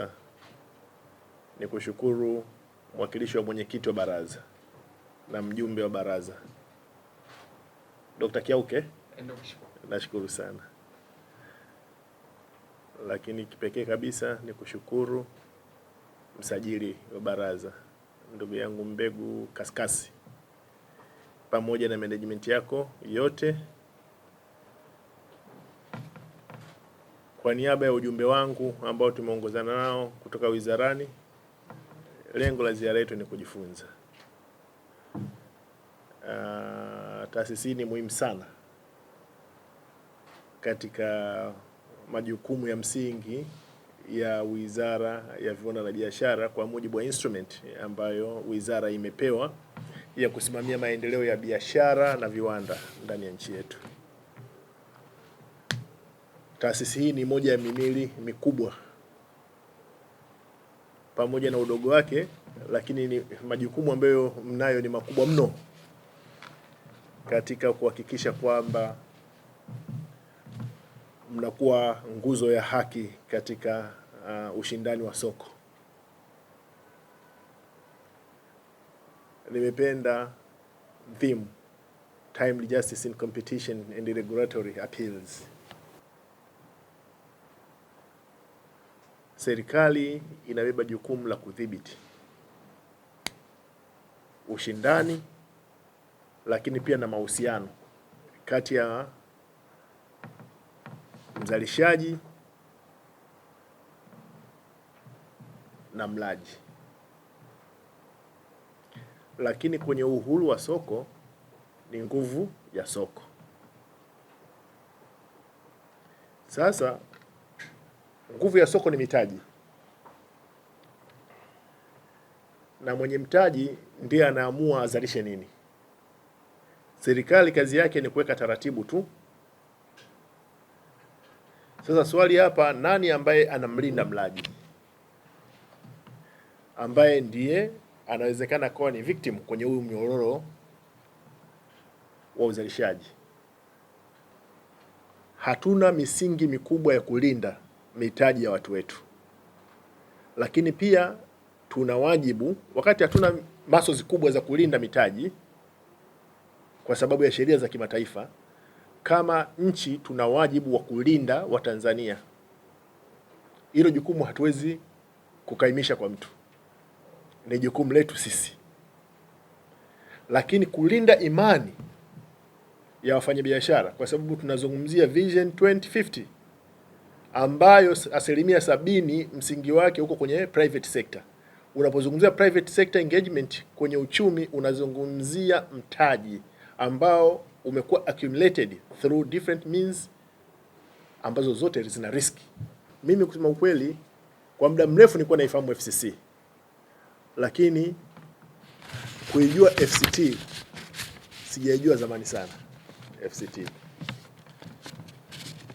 kabisa ni kushukuru mwakilishi wa mwenyekiti wa baraza na mjumbe wa baraza Dr. Kiauke, nashukuru sana, lakini kipekee kabisa ni kushukuru msajili wa baraza ndugu yangu Mbegu Kaskasi pamoja na management yako yote. Kwa niaba ya ujumbe wangu ambao tumeongozana nao kutoka wizarani, lengo la ziara yetu ni kujifunza. Uh, taasisi ni muhimu sana katika majukumu ya msingi ya Wizara ya Viwanda na Biashara kwa mujibu wa instrument ambayo wizara imepewa ya kusimamia maendeleo ya biashara na viwanda ndani ya nchi yetu. Taasisi hii ni moja ya mimili mikubwa pamoja na udogo wake, lakini ni majukumu ambayo mnayo ni makubwa mno katika kuhakikisha kwamba mnakuwa nguzo ya haki katika uh, ushindani wa soko. Nimependa theme timely justice in competition and regulatory appeals. serikali inabeba jukumu la kudhibiti ushindani, lakini pia na mahusiano kati ya mzalishaji na mlaji. Lakini kwenye uhuru wa soko ni nguvu ya soko. Sasa Nguvu ya soko ni mitaji, na mwenye mtaji ndiye anaamua azalishe nini. Serikali kazi yake ni kuweka taratibu tu. Sasa swali hapa, nani ambaye anamlinda mlaji, ambaye ndiye anawezekana kuwa ni victim kwenye huyu mnyororo wa uzalishaji? Hatuna misingi mikubwa ya kulinda mitaji ya watu wetu, lakini pia tuna wajibu, wakati hatuna masozi kubwa za kulinda mitaji kwa sababu ya sheria za kimataifa, kama nchi tuna wajibu wa kulinda Watanzania. Hilo jukumu hatuwezi kukaimisha kwa mtu, ni jukumu letu sisi, lakini kulinda imani ya wafanyabiashara, kwa sababu tunazungumzia Vision 2050 ambayo asilimia sabini msingi wake uko kwenye private sector. Unapozungumzia private sector engagement kwenye uchumi, unazungumzia mtaji ambao umekuwa accumulated through different means ambazo zote zina riski. Mimi kusema ukweli, kwa muda mrefu nilikuwa naifahamu FCC, lakini kuijua FCT sijaijua zamani sana FCT.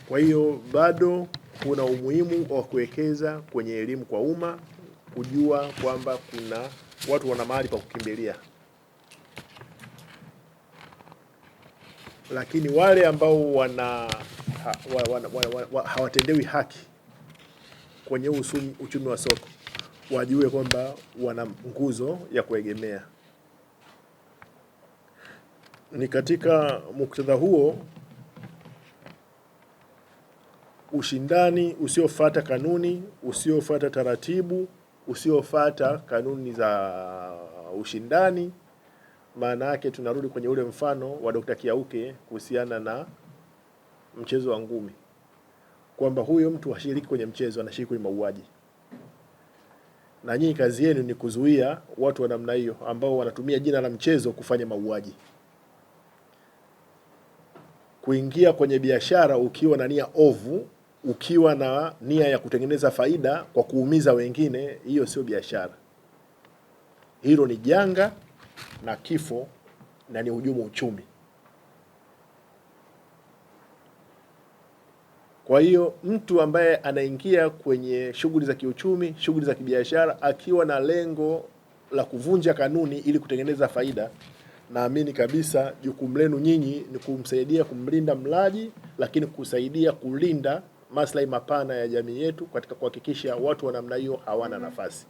Kwa hiyo bado kuna umuhimu wa kuwekeza kwenye elimu kwa umma, kujua kwamba kuna watu wana mahali pa kukimbilia, lakini wale ambao wana ha, wa, wa, wa, wa, hawatendewi haki kwenye usumi, uchumi wa soko wajue kwamba wana nguzo ya kuegemea. Ni katika muktadha huo ushindani usiofuata kanuni, usiofuata taratibu, usiofuata kanuni za ushindani. Maana yake tunarudi kwenye ule mfano wa Dr. Kiauke kuhusiana na mchezo wa ngumi, kwamba huyo mtu hashiriki kwenye mchezo, anashiriki kwenye mauaji. Na nyinyi kazi yenu ni kuzuia watu wa namna hiyo ambao wanatumia jina la mchezo kufanya mauaji, kuingia kwenye biashara ukiwa na nia ovu ukiwa na nia ya kutengeneza faida kwa kuumiza wengine, hiyo sio biashara. Hilo ni janga na kifo na ni hujumu uchumi. Kwa hiyo mtu ambaye anaingia kwenye shughuli za kiuchumi, shughuli za kibiashara akiwa na lengo la kuvunja kanuni ili kutengeneza faida, naamini kabisa jukumu lenu nyinyi ni kumsaidia kumlinda mlaji, lakini kusaidia kulinda maslahi mapana ya jamii yetu katika kuhakikisha watu wa namna hiyo hawana nafasi.